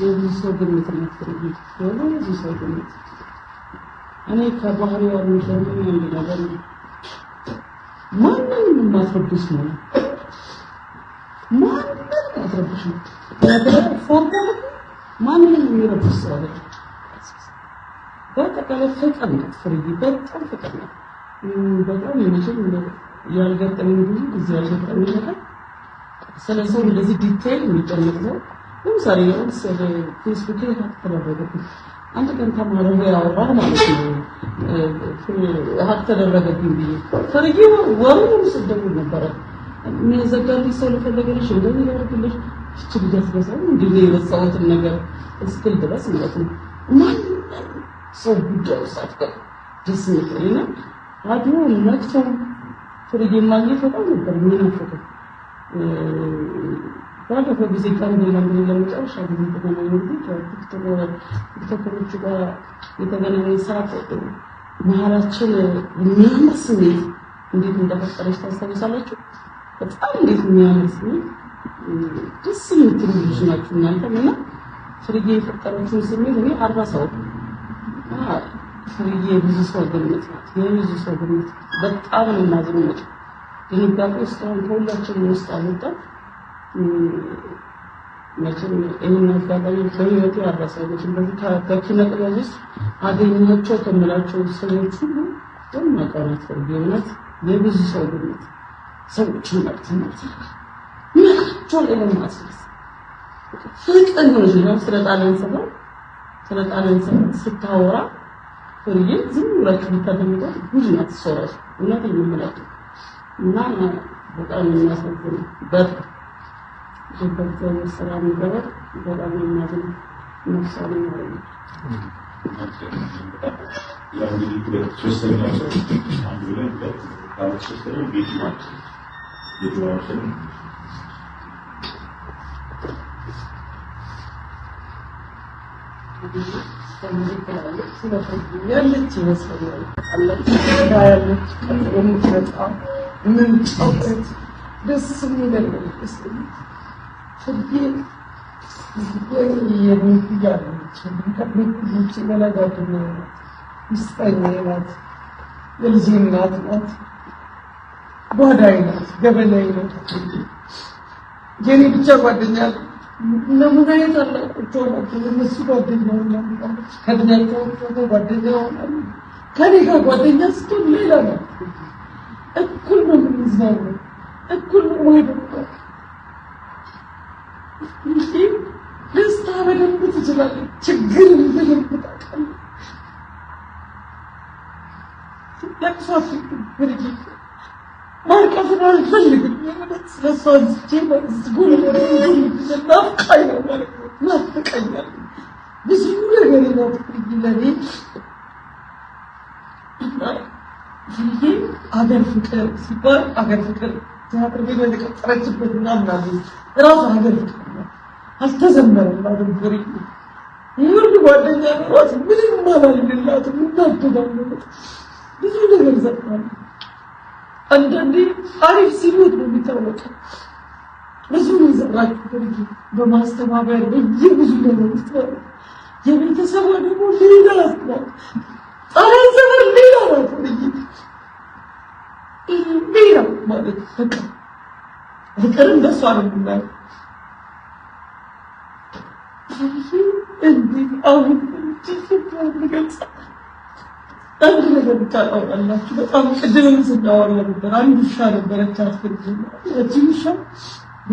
የብዙ ሰው ግምት ሰው ግምት እኔ አንድ ነገር ነው። ማንንም የማትረብሽ ነው። ማንንም አትረብሽ ነው። ማንንም የሚረብሽ ሰው አለ። በአጠቃላይ ፍቅር ነው። በጣም ፍቅር ነው። በጣም የመቼም ያልገጠመኝ ብዙ ጊዜ ያልገጠመኝ ነገር ስለዚህ እንደዚህ ዲቴይል የሚጨነቅ ነው። ለምሳሌ ስለ ፌስቡክ ተደረገ አንድ ቀን ተማሪ ያወራሁ ማለት ነው ሀክ ተደረገብኝ ብዬ ፈርጊ ወሩ ስደውል ነበረ የሚያዘጋልኝ ሰው ለፈለገልሽ እንደዚህ ያደርግልሽ ችግ ደስበሳ እንግዲህ የበሳሁትን ነገር እስክል ድረስ ማለት ነው ማንም ሰው ጉዳዩ ሳትቀር ደስ ሚል ና አዲዮ ነክተው ፍርጌ ማግኘት በጣም ነበር የሚናፈቀው ባለፈው ጊዜ ከአንድ ለምን ለመጨረሻ ጊዜ ተገናኘ ቲክቶከሮቹ ጋር የተገናኘ ሰዓት መሀላችን የሚያምር ስሜት እንዴት እንደፈጠረች ታስታውሳላችሁ? በጣም እንዴት የሚያምር ስሜት ደስ የምትሉ ልጆች ናችሁ እናንተም እና ፍርዬ የፈጠረችውን ስሜት እኔ አራ ሰው ፍርዬ ብዙ ሰው ግምት ናት። የብዙ ሰው ግምት በጣም ነው ድንጋጤ እስካሁን ከሁላችን ውስጥ አልወጣም። መቼም ይህን አጋጣሚ ከህይወቴ አልረሳሁትም። በዚህ በኪነ ጥበብ ውስጥ አገኘቸው ከምላቸው ሰዎች ሁሉ ደማቅ ናቸው። የእውነት የብዙ ሰው ግነት ሰዎችን ማለት ማለት ምናቸው ላይ ለማስነት ፍቅር ሆነች ነው። ስለ ጣሊያን ሰፈር ስለ ጣሊያን ሰፈር ስታወራ ፍርዬ ዝም ብላችሁ ብታደምጧት ጉድ ናት። እሷ እራሱ እውነት የምምላችሁ እና በጣም የሚያሰግን በር የከብተው ስራ የሚገበር በጣም የሚያዝን ምሳሌ ነው። ያለች ይመስለኛል ያለች ቀጥሎ ምንጫውበት ደስ የሚለን ነው የሚመስለኝ። ፍርጌ ከቤት ውጭ በለጋድና ናት፣ የልጄ እናት ናት፣ ጓዳይ ናት፣ ገበናይ ናት። የኔ ብቻ ጓደኛ ነሙናዬ ታላቆቿ ናቸው። እነሱ ጓደኛ ሆናለች፣ ከድኛቸው ጓደኛ ሆናለች። ከኔ ጋር ጓደኛ ስትሆን ሌላ ነው كله بالنسبة لي كله مهم الحين بس طالع جنب تجلى تجلى من البدايه لا تصافي بالبرجي ما كيف انا الفلق بس لصوت جيبه بس تقول لا تقيل ما تقيل بس يقول لك انا ما تقيل لا ليش ይሄ አገር ፍቅር ሲባል አገር ፍቅር ቲያትር ቤት የተቀጠረችበት ምናምን አለ። እራሱ ሀገር ፍቅር ነው። አልተዘመረም አገር ፍቅር ይህ ሁሉ ጓደኛ ኖሯት ምንም አላልንላትም። እናደባለች ብዙ ነገር ዘጥናል። አንዳንዴ አሪፍ ሲሉት ነው የሚታወቀው። ብዙ የዘራችሁ ድርጊ በማስተባበር በየ ብዙ ነገር ውስጥ የቤተሰቧ ደግሞ ሌላ ናት። ጣሊያን ዘመን ሌላ ናት። ሌላ ማለት በቃ ፍቅር እንደሱ አይደለም ማለት እንዴ አሁን አንድ ነገር ብቻ ታወራላችሁ። በጣም ቅድም ስናወራ ነበር። አንድ ውሻ ነበረች አትፈልግ እቺ ውሻ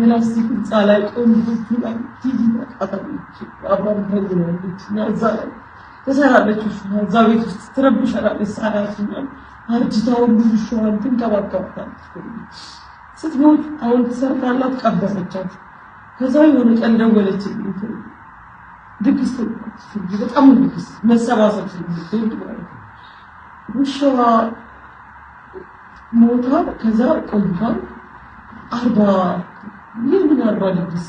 የላስቲክ ህንፃ ላይ ቆንጆቹ ላይ ቲቪ ታጣለች። አብራም ተዝናለች እና እዛ ላይ ተሰራለች። እዛ ቤት ውስጥ ትረብሸናለች። ሳያት አርጅታ ሁሉ ሽዋል ትንከባከባታል። ስትሞት አሁን ትሰርታላት ቀበረቻት። ከዛ የሆነ ቀን ደወለች። ድግስት በጣም ድግስ መሰባሰብ ስለምትወድ ውሻዋ ሞታ ከዛ ቆይቷል። አርባ ይህ ምን አርባ ድግስ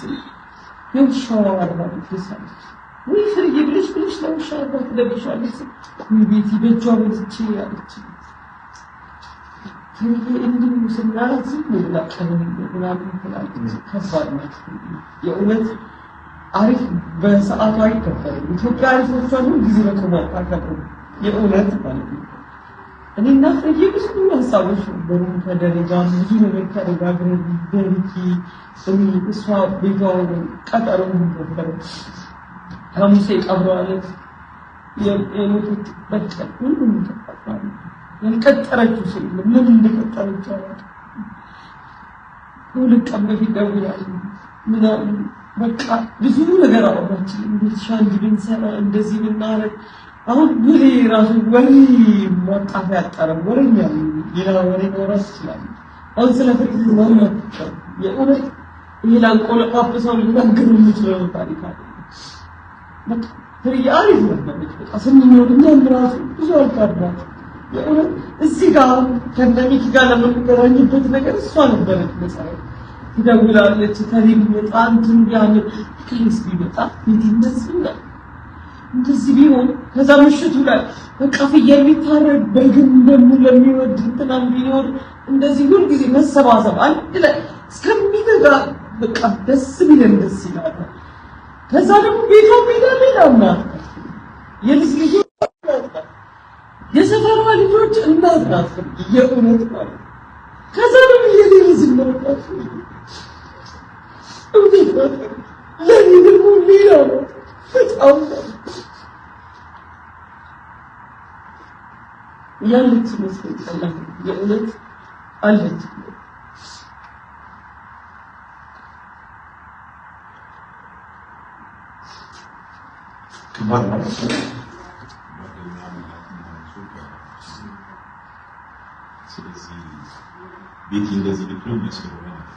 የውሻዋ አርባ ድግስ አለች። ወይ ፍርዬ ብለሽ ብለሽ ለውሻ አርባ ትለብሻለች። ቤቲ በእጇ በልቼ አለች እንዲሁ ስናለት ዝም ብላ ቀለም የእውነት አሪፍ በሰዓቱ አይከፈልም። ኢትዮጵያ አሪፎቿን ጊዜ በቆማ አታከብርም። የእውነት ማለት ነው። እኔ እናት የብዙ ሀሳቦች ነበሩ ከደረጃ ብዙ ነገር ተደጋግረን ደርኪ እሷ ቤቷ ቀጠሮ ነበር ሐሙሴ ቀብረዋለት የሞቱት በቃ ሁሉም ተፋፋ ያልቀጠረች ስል ምን እንደቀጠረች አላት። ሁለት ቀን በፊት ደውላል ምናምን በቃ ብዙ ነገር አወራችን። እንደዚህ ሻንድ ብንሰራ እንደዚህ ብናረግ አሁን ምን ራሱ ወሬ ማጣፍ ያጠረም ወሬኛ ሌላ ወሬ መውራስ ይችላል። አሁን ስለ ፍቅር ማን የእውነት ሰው ሊነግር የምችለው ታሪክ አለ። በቃ ፍርዬ አሪፍ ነበረች። በቃ ስንኖር እኛም ራሱ ብዙ አልታድናት እዚህ ጋር አሁን ከነሚኪ ጋር ለምንገናኝበት ነገር እሷ ነበረች መሰረ ትደውላለች። ከሪም በጣም ድንጋለ ከስ ቢመጣ ቤት እንደዚህ ይላል እንደዚህ ቢሆን ከዛ ምሽቱ ላይ በቃ ፍየል ቢታረድ በግን ደግሞ ለሚወድ እንትናም ቢኖር እንደዚህ ጊዜ መሰባሰብ አንድ ላይ እስከሚገጋ በቃ ደስ ቢለን ደስ ይላል። ከዛ ደግሞ ቤቷ ሜዳ ሌላ እናት የልጅ ልጅ የሰፈሯ ልጆች እናት ናት። የእውነት ማለት ከዛ ነው የሌለ ነው ለኔ ደግሞ ሌላ ነው። በጣም ያለች መስለኝ የእውነት አለች። ከባድ ነው። ቤት እንደዚህ ልትሉ የሚያስገቡ ማለት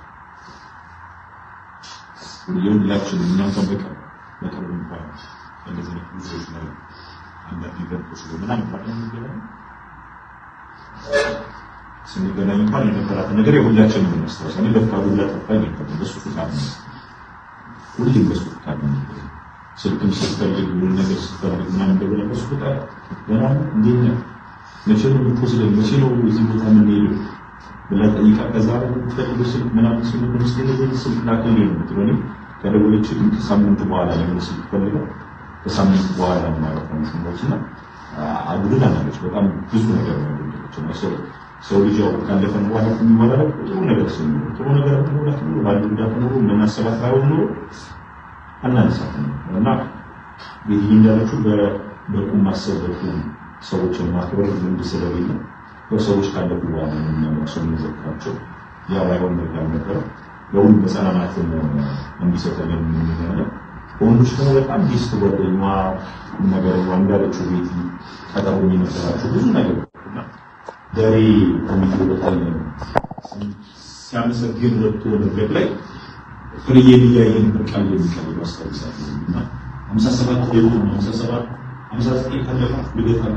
ነው። ሁላችንም እኛም በቃ በቅርቡ እንኳን እንደዚህ ጊዜዎች ላይ አንዳንድ ነገር ስለሆነ አንባል ስንገናኝ እንኳን ነገር በሱ ፍቃድ ነው። በሱ ፍቃድ ነው። ስልክም ስትፈልግ ሁሉ ነገር ስትፈልግ ምናምን እንደሆነ በሱ ፍቃድ ገና እንዴት ነው መቼ ነው መቼ ነው እዚህ ቦታ የምንሄደው ብለህ ጠይቃ ከዛ ስልክ ምናምን ሲሉ ለዚህ ስልክ ላክልኝ ነው የምትለው። ከደወለች ከሳምንት በኋላ የሚለው ስልክ ፈልገው ከሳምንት በኋላ ማለት ነው ስሞች እና አጉድል በጣም ብዙ ነገር ነው ያጎደለችው። ሰው ልጅ ያው ካለፈን በኋላ የሚወራረቅ ጥሩ ነገር ስሚ ጥሩ ነገር ትኖራት ኖሮ ባለ ጉዳት ኖሮ እንደናሰባት ባይሆን ኖሮ ነው እና ቤትዬ እንዳለችው በቁም ማሰብ በቁም ሰዎችን ማክበር ልምድ ስለሌለ ሰዎች ካለፉ በኋላ የምናመቅሰው የምንዘካቸው ያ ላይሆን ነገር ነበረ። ለሁሉም መጽናናትን እንዲሰጠን የምንመለ ወንዶች ደግሞ በጣም ቤስት ጓደኛ ነገር እንዳለችው ቤት ቀጠሮ የሚመሰላቸው ብዙ ነገር ደሬ ኮሚቴ በጣም ሲያመሰግን ወጥቶ መንገድ ላይ ፍሬ የሚያየን በቃል የሚቀል አስታውሳለ እና ሀምሳ ሰባት ሀምሳ ሰባት ሀምሳ ዘጠኝ ልደታና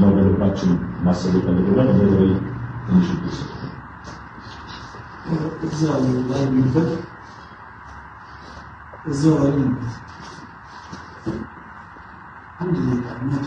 ነው በልባችን ማሰብ ይፈልገናል። እንደዚህ ላይ ትንሽ ግስ እዛ ላይ ሚፈት እዛው ላይ አንድ መቶ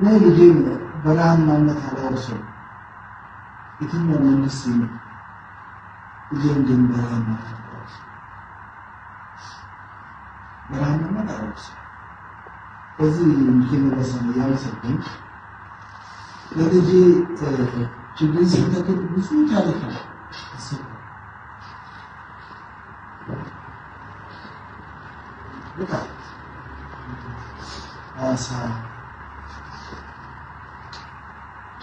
Ne Neyligimde బలాన్నంద కలవసం ఇది మనస్సు ఇదేం దీని బలాన్న బలాన్నమ్మ కలవసం Bazı kelimesini yansıttım. Böylece cümleyi sınırda bizim tarihler. Bu kadar. Asa.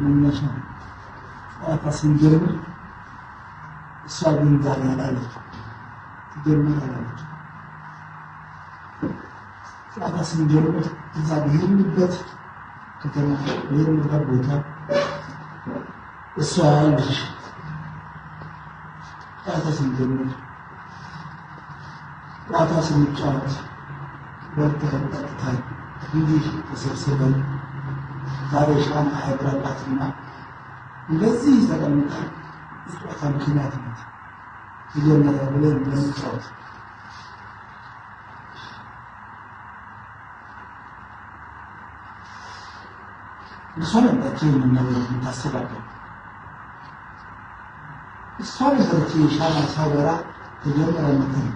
መነሻ ጨዋታ ስንጀምር እሷ ግን ዛላለች ትጀምር አላለች። ጨዋታ ስንጀምር እዛ የምንበት ከተማ የምንበት ቦታ እሷ ጨዋታ ስንጀምር ራታ ስንጫወት ወጥተህ ጠጥተህ እንዲህ ተሰብስበን ዛሬ ሻማ ያበራላትና እንደዚህ ተቀምጣ ስጦታ ምክንያት ነት መጀመሪያ ብለን ለመጫወት እሷ ነበረችው የምናገር የምታስተባበር እሷ ነበረችው የሻማ ሲያበራ ተጀመረ መተነ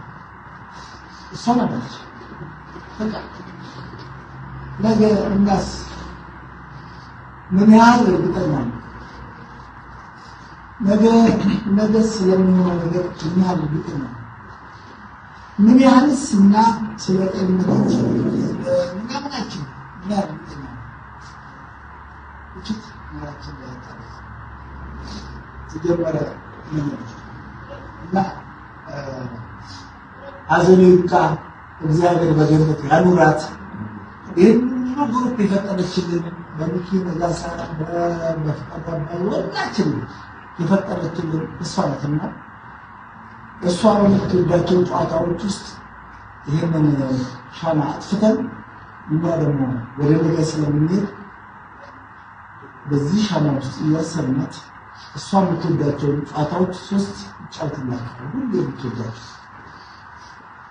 እሷ ነበረች። ነገ እኛስ ምን ያህል እርግጠኛ ነው? ነገ ነገስ ስለሚሆነው ነገር ምን ያህል እርግጠኛ ነው? ምን ያህልስ እና ስለ ጤንነታችን ምናምናችን ምን ያህል እርግጠኛ ነው? እችት ምራችን ላይ ያጣ ተጀመረ እና ሀዘኑ ይብቃ፣ እግዚአብሔር በገነት ያኑራት። ይህን ሁሉ ግሩፕ የፈጠረችልን በሚኪ ነጋሳ በፍቅር ወላችን የፈጠረችልን እሷ ናትና እሷ በምትወዳቸው ጨዋታዎች ውስጥ ይህንን ሻማ አጥፍተን እና ደግሞ ወደ ነገ ስለምንሄድ በዚህ ሻማ ውስጥ እያሰብናት እሷ የምትወዳቸውን ጨዋታዎች ሶስት ይጫወትላቸዋል። ሁሉ የምትወዳቸው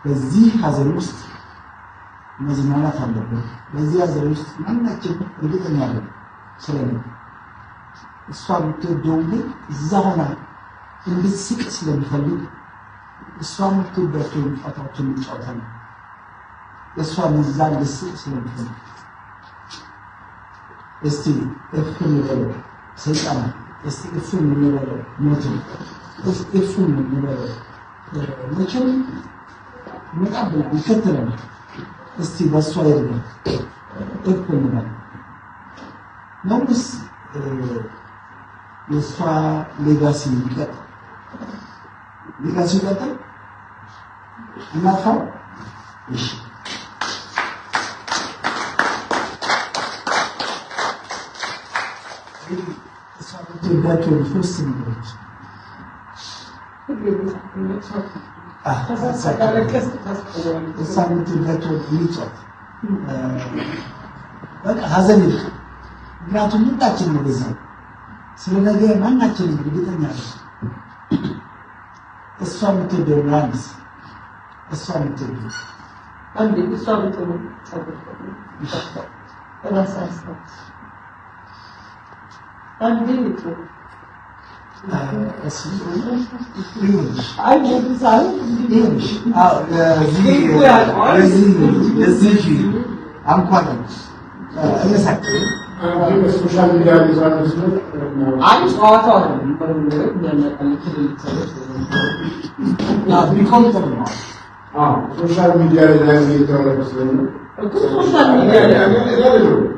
በዚህ ሀዘን ውስጥ መዝናናት አለብን። በዚህ ሀዘን ውስጥ ማናችን እርግጠኛ ያለ ስለሚ እሷ የምትወደውን ግን እዛ ሆና እንድትስቅ ስለሚፈልግ እሷ የምትወዳቸውን ጨዋታዎችን ነው። እሷ እዛ እንድትስቅ ስለሚፈልግ እስቲ እፍ በለው ሰይጣን፣ እስቲ እፍን እንበለው ሞትን፣ እፍን እንበለው መቼም በጣም ይከተላል። እስቲ በእሷ ይርበ እኩል ነው ነውስ የእሷ ሌጋሲ ይቀጥ ሌጋሲ ይቀጥል እናፋው እሺ እሷ ሶስት ነገሮች ሳምንት ልካቸው ይጫት ሀዘን ምክንያቱም ምንታችን ነው በዛ ስለ ነገ ማናችን እርግጠኛ ነ እሷ የምትወደው ዮሐንስ እሷ የምትወደው አንዴ እሷ የምትወደው E, e, sosyal medya düzenlemesini Aynı saat aldım. Ya bir konu tanım var. Ha, sosyal medya düzenlemesini. Sosyal medya düzenlemesini.